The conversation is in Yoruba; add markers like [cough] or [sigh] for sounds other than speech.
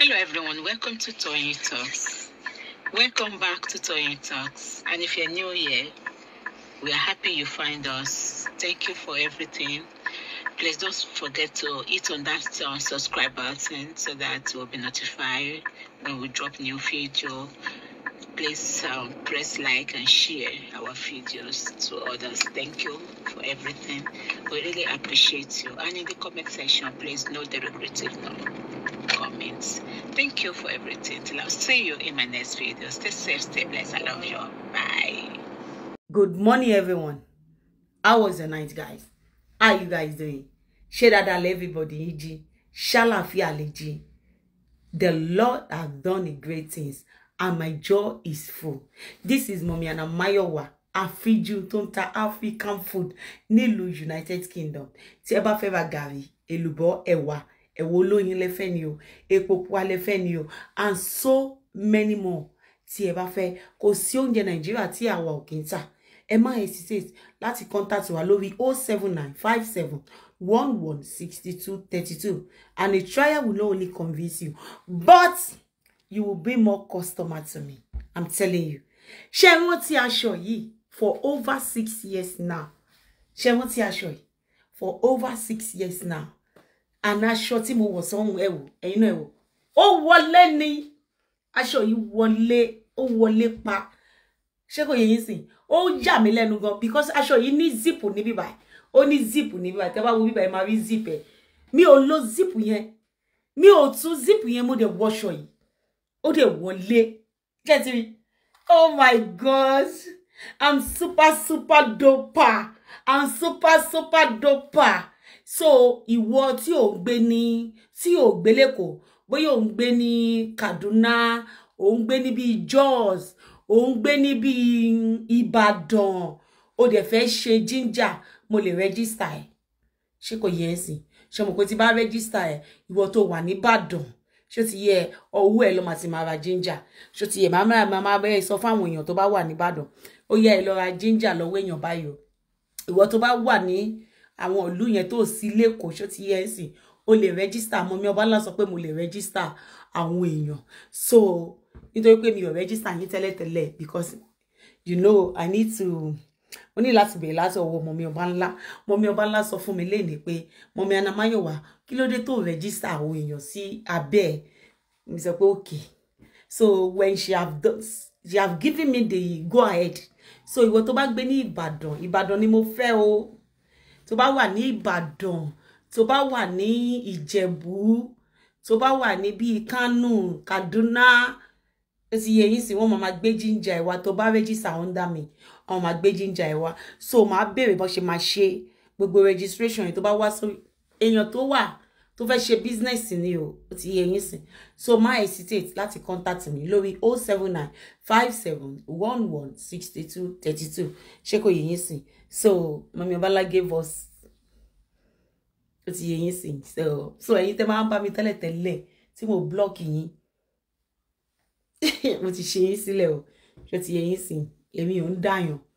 Hello everyone, welcome to Toy Talks. Welcome back to Toy Talks. And if you're new here, we are happy you find us. Thank you for everything. Please don't forget to hit on that uh, subscribe button so that you'll be notified when we drop new video. Please um, press like and share our videos to others. Thank you for everything. We really appreciate you. And in the comment section, please no derogatory note. things. Thank you for everything. Till I'll see you in my next video. Stay safe, stay blessed. I love you. Bye. Good morning, everyone. How was the night, guys? How you guys doing? Ṣé everybody jí. Ṣàlàáfíà lẹ jí. The Lord has done great things, and my jaw is full. This is Mummy Mayowa. àfíjú tó ń ta African food Nilu United Kingdom tí feva bá fẹ́ ra gàrí èlùbọ́ ẹ̀wọ̀ olóyin lẹ́fẹ́ ni o epo pupa lẹ́fẹ́ ni o and so many more tí ẹ bá fẹ́ kò sí oúnjẹ nàìjíríà tí àwa ò kì í tà ẹ má hesitate láti contact wa lórí o oh seven nine and a trial will not only convince you but you will be more customer to me i'm telling you ṣé wọ́n ti aṣọ yìí for over six years now ṣé wọ́n ti aṣọ yìí for over six years now àná aṣọ tí mo wọ̀ sọ́hun ẹ wò ẹ̀yin náà ẹ wò ó wọlé ni aṣọ yìí wọlé ó wọlé pa ṣé kò yẹ yín sìn ó yà mí lẹ́nu gan because aṣọ yìí ní zip níbí báyìí ó ní zip níbí báyìí tẹ́ bá wo bíbá ẹ máa rí zip ẹ mi ò lo zip yẹn mi ò tún zip yẹn mo dẹ̀ wọṣọ yìí ó dẹ̀ wọlé jẹ́ ti rí oh my god i'm super super duper i'm super super duper so ìwọ tí ò ń gbé ní tí ò gbé lẹ́kọ̀ọ́ bóyá ò ń Kaduna ò ń gbé níbi Jos ò ń gbé níbi Ìbàdàn o dẹ̀ fẹ́ ṣe ginger mo lè rẹ́gísítà ẹ̀ ṣé kò yẹ ẹ́ sìn ṣe mọ̀ pé tí bá rẹ́gísítà ẹ̀ ìwọ tó wà níbàdàn ṣó ti yẹ ọwọ́ ẹ̀ lọ́ máa ti máa ra ginger ṣó ti mama, mama, màmá bẹ́ẹ̀ sọ fáwọn èèyàn to bá wà níbàdàn ó yẹ ẹ lọ ra ginger lọ́wọ́ èèyàn báyìí o ìwọ to bá wà ní àwọn ìlú yẹn tó sí lẹ́kọ̀ọ́ ṣó ti yẹ ẹ́ sìn o lè rẹ́gísítà mọ́mí ọbálá sọ pé mo lè rẹ́gísítà àwọn èèyàn so nítorí pé mi ò rẹ́gísítà yín tẹ́lẹ̀tẹ́lẹ̀ because you know i need to mo ní láti bẹ̀rẹ̀ láti ọwọ́ mọ̀mí ọba ńlá mọ̀mí ọba ńlá sọ fún mi léèní pé mọ̀mí anamáyọ̀wá kí ló dé tó rẹ́gísítà àwọn èèyàn sí abẹ́ ẹ̀ mi sọ pé okay so when she have done she have given me the go ahead so ìwọ tó bá gbé ní Ìbàdàn Ìbàdàn ni mo fẹ́ o tó bá wà ní Ìbàdàn tó bá wà ní Ìjẹ̀bú tó bá wà ní bíi Kánò Kaduna Esi yẹ yín sí wọn máa gbé jíjà ìwà tó bá rẹ́jísà under mi àwọn máa gbé jíjà ìwà so ma béèrè bó ṣe máa ṣe gbogbo registration yìí tó bá wá sórí èèyàn tó tó fẹ́ ṣe bísínẹ́sì ni o ó ti yẹ yín sìn so má hesitate láti contact mi lórí o oh seven nine five seven one one sixty two thirty two ṣé kò yẹ yín sìn so mami ọbala gave us ó ti yẹ yín sìn so so ẹ̀yin tẹ́ máa ń bá mi tẹ́lẹ̀ tẹ́lẹ̀ tí mo block yín [laughs] mo ti ṣe yín sílẹ̀ o ṣé ó ti yẹ yín sìn èmi ò ń dàyàn